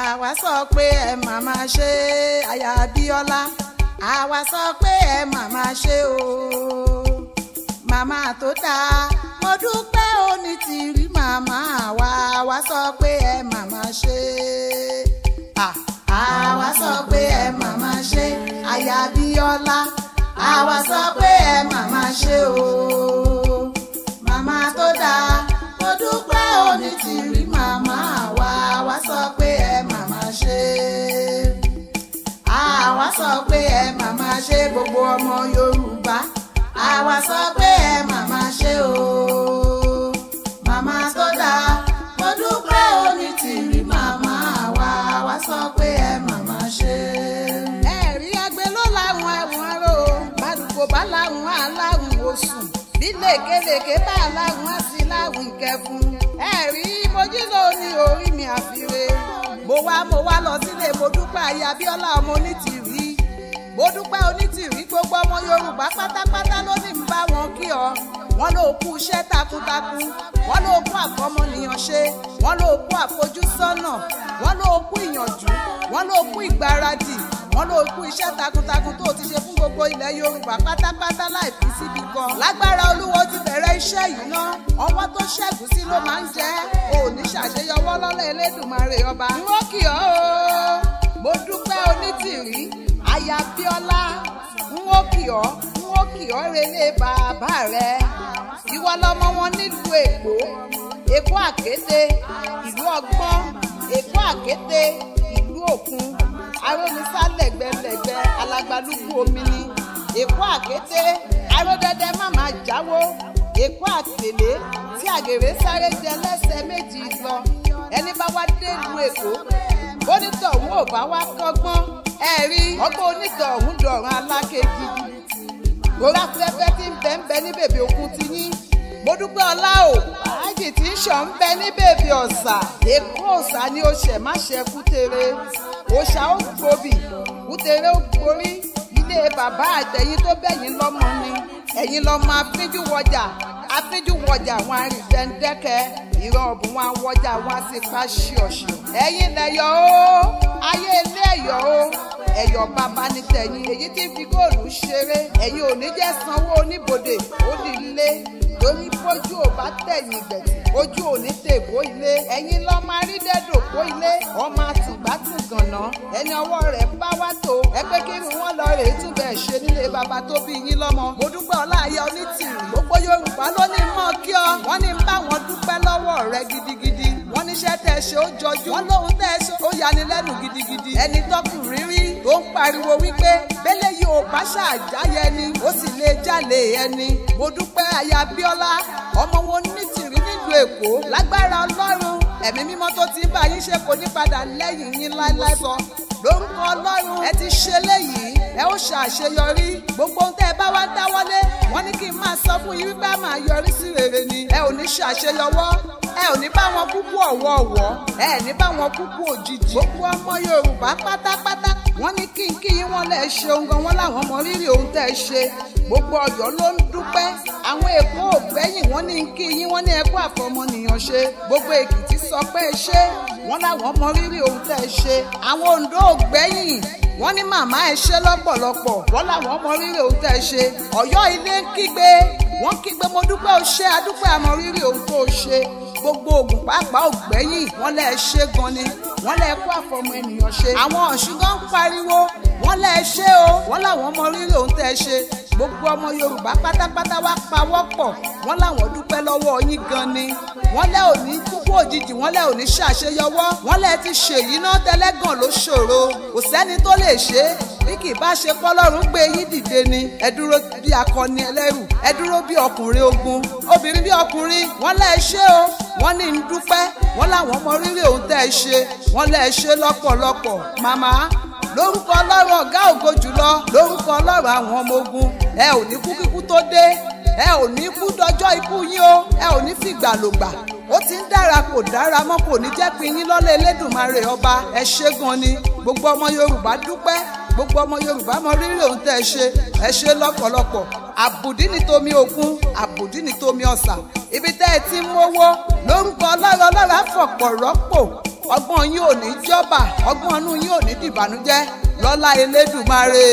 àwa sọ pé ẹ má má ṣe aya Abíọ́lá àwa sọ pé ẹ má má ṣe o màmá tó dáa mo dúpẹ́ ó ní tìrí màmá wa àwa sọ pé ẹ má má ṣe àwa sọ pé ẹ má má ṣe aya Abíọ́lá àwa sọ pé ẹ má má ṣe o. wa sọ pé ẹ màmá ṣe o màmá tó dáa mo dúpẹ́ onítìrí màmá wa wa sọ pé ẹ màmá ṣe. ẹ̀rí agbe ló láwọn ẹ̀wọ̀n rò bàdùkò bá láwọn aláwùn oṣù bí lèkèlèkè bá láwọn àti láwùn kẹfun ẹ̀rí mojílò ní orí mi àfiwé mo wá mo wá lọ sílé mo dúpẹ́ ayé Abíọ́lá ọmọ onítìrí mo dúpẹ́ onítìrí gbogbo ọmọ Yorùbá pátápátá ló wọ́n ló kú iṣẹ́ takuntakun wọ́n ló kú àfọmọnìyàn ṣe wọ́n ló kú àfojúsọ́nà wọ́n ló kú ìyànjú wọ́n ló kú ìgbáradì wọ́n ló kú iṣẹ́ takuntakun tó ti ṣe fún gbogbo ilẹ̀ Yorùbá pátápátá láì fi síbi kan lágbára Olúwa ti bẹ̀rẹ̀ iṣẹ́ yìí ná ọwọ́ tó ṣẹ́gun sí ló máa ń jẹ́ òní ṣàṣeyọwọ́ lọ́lọ́ Elédùmarè ọba ìwọ kì ọ́ mo dúpẹ́ onítìrí àyàbíọ́lá ń wó kì ọ́ kì ọ́ relé bàbá rẹ̀ ìwọ lọmọ wọn nílùú èkó èkó àkété ìlú ọgbọ́n èkó àkété ìlú òkun arónisá lẹ̀gbẹ̀lẹ̀gbẹ̀ alagbalúgbú omi ni èkó àkété aródẹdẹ màmá jáwó èkó àtèlé tí àgèrè sáré jẹ lẹ́sẹ̀ méjì lọ ẹni bá wá dé ìlú èkó bónítọ̀ òun ò bá wá kọ́gbọ́n ẹ̀rí ọgbọ́n onítọ̀ òun dọ̀rùn alákejì mo ráfẹ́fẹ́ tí ń bẹ́ ń bẹ ní bèbè òkun ti yín mo dúpẹ́ ọlá o ààjì tí ń ṣàn ń bẹ ní bèbè ọ̀sà èkó ọ̀sà ni ó ṣẹ̀ má ṣe kútere òòṣà ó gbòbì kútere ó gborí ilé bàbá àtẹ̀yìn tó bẹ̀yìn lọ́mọ ni ẹ̀yìn lọ́mọ afínjú wọjà afínjú wọjà wọn àrìndẹ́ndẹ́kẹ́ ìran ọ̀bùn wọn wọjà wọn sì pa ṣíọ̀ṣì ẹ̀yìn lẹ̀yọ̀ o ayé ilé ẹ̀yọ̀ o ẹ̀yọ̀ bàbá ní tẹ̀yìn èyí tí fi góòlù ṣeré ẹ̀yin ò ní jẹ́ sanwó oníbodè ó di ilé lórí bójú ò bá tẹ̀yìn gbẹ̀tì ojú ò ní tèbó ilé ẹ̀yin lọ́ máa rí dẹ́dò kó ilé ọmọ àtìgbàtì gànà ẹni ọwọ́ rẹ̀ bá wá tó ẹ pé kí ni wọ́n lọ rèé tún bẹ̀ ṣe nílé bàbá tó bí yín lọ́mọ mo dúpẹ́ ọláyẹ onítìrì gbogbo Yorùbá ló ní mọ́ kí ọ wọ́n ní bá wọn dúpẹ́ lọ́wọ́ rẹ gidigidi wọ́n níṣẹ́ tẹ̀ ṣe ó jọjú wọ́n lóhun tẹ̀ ṣe ó yanilẹ́nu gidigidi ẹni tọkùnrin rí ó ń pariwo wípé bẹ́lẹ̀ yìí ò bá ṣàjáyẹ ẹni ó sì lè jálè ẹni mo dúpẹ́ aya Bíọ́lá ọmọ wo ní tìrí nílùú Èkó lágbára Ọlọ́run ẹ̀mí mímọ́ tó ti ń bá yín ṣe kò ní padà lẹ́yìn yín láéláé sọ lórúkọ Ọlọ́run ẹ ti ṣe léyìí ẹ ó ṣàṣeyọrí gbogbo ohun tẹ́ ẹ bá wá dáwọ́lé wọ́n ní kí n máa sọ fún yín wípé a máa yọrí sí rere ni ẹ ò ní ṣàṣeyọwọ́ ẹ ò ní bá wọn kúkú ọ̀wọ̀ọ̀wọ́ ẹ ní bá wọn kúkú òjijì gbogbo ọmọ Yorùbá pátápátá wọ́n ní kí n kí yín wọ́n lẹ́ ṣeun gan wọ́n láwọn mọ rírì ohun tẹ́ ẹ ṣe gbogbo Ọ̀yọ́ ló ń dúpẹ́ àwọn Èkó ò gbẹ́yìn wọ́n ní kí yín wọ́n ní ẹkú àfọmọnìyàn ṣe gbogbo Èkìtì sọ pé ẹ ṣe wọ́n láwọn mọ rírì ohun tẹ́ ṣe àwọn Oǹdó ò gbẹ́yìn ní màmá ẹ ṣe lọ́pọ̀lọpọ̀ wọ́n láwọn mọ rírì ohun tẹ́ ṣe Ọ̀yọ́ ilé kígbe wọ́n kígbe mo dúpẹ́ o ṣe àmọ rírì ohun tó ṣe gbogbo oògùn pàápàá ògbẹ́yìn wọ́n lẹ́ ṣe gan ni wọ́n lẹ́ kó àfọmọ ènìyàn ṣe àwọn ọ̀ṣun pariwo wọ́n lẹ́ ṣe o wọ́n làwọn mọ rírì òun tẹ́ ṣe gbogbo ọmọ yorùbá pátápátá wá pawọ́ pọ̀ wọ́n láwọn dúpẹ́ lọ́wọ́ yín gan ni wọ́n lẹ́ òní kúkú òjijì wọ́n lẹ́ òní ṣàṣeyọwọ́ wọ́n lẹ́ ti ṣèyí náà tẹ́lẹ́gàn ló ṣòro kò sẹ́ni tó lè ṣe é bí kì í bá ṣe pọ́lọ́run gbé yín dìde ni ẹ dúró bí akọni ẹlẹ́rù ẹ dúró bí ọkùnrin ogun obìnrin bí ọkùnrin wọ́n lẹ́ ṣe o wọ́n ní ń dúpẹ́ wọ́n láwọn mọ rírì òun tẹ́ ẹ ṣe wọ́n lẹ́ ṣe lọ́pọ̀lọpọ̀ màmá lórúkọ ọlọ́run ọ̀gá ògo jùlọ lórúkọ ọlọ́run àwọn ọmọ ogun ẹ ò ní kú kíkú tó dé ẹ ò ní kú dọjọ́ ikú yín o ẹ ò ní fìgbà lògbà ó ti ń dára kò dára mọ́ kò ní jẹ́ pin yín lọ́lẹ̀ elédùnmarè ọba ẹ ṣé gan ni gbogbo ọmọ yorùbá dúpẹ́ gbogbo ọmọ yorùbá mọ rírì ohun tẹ́ ẹ ṣe ẹ ṣe lọ́pọ̀lọpọ̀ àbùdí ni tomi òkun àbùdí ni tomi ọ̀sà ibi tẹ́ ẹ ti ń mówó lórúkọ ọlọ́run ọlọ́run àfọ̀pọ̀ rọ́pò ọgbọ́n yín ò ní jọ́bà ọgbọ́n inú yín ò ní dìbànújẹ́ lọ́lá Elédùmarè.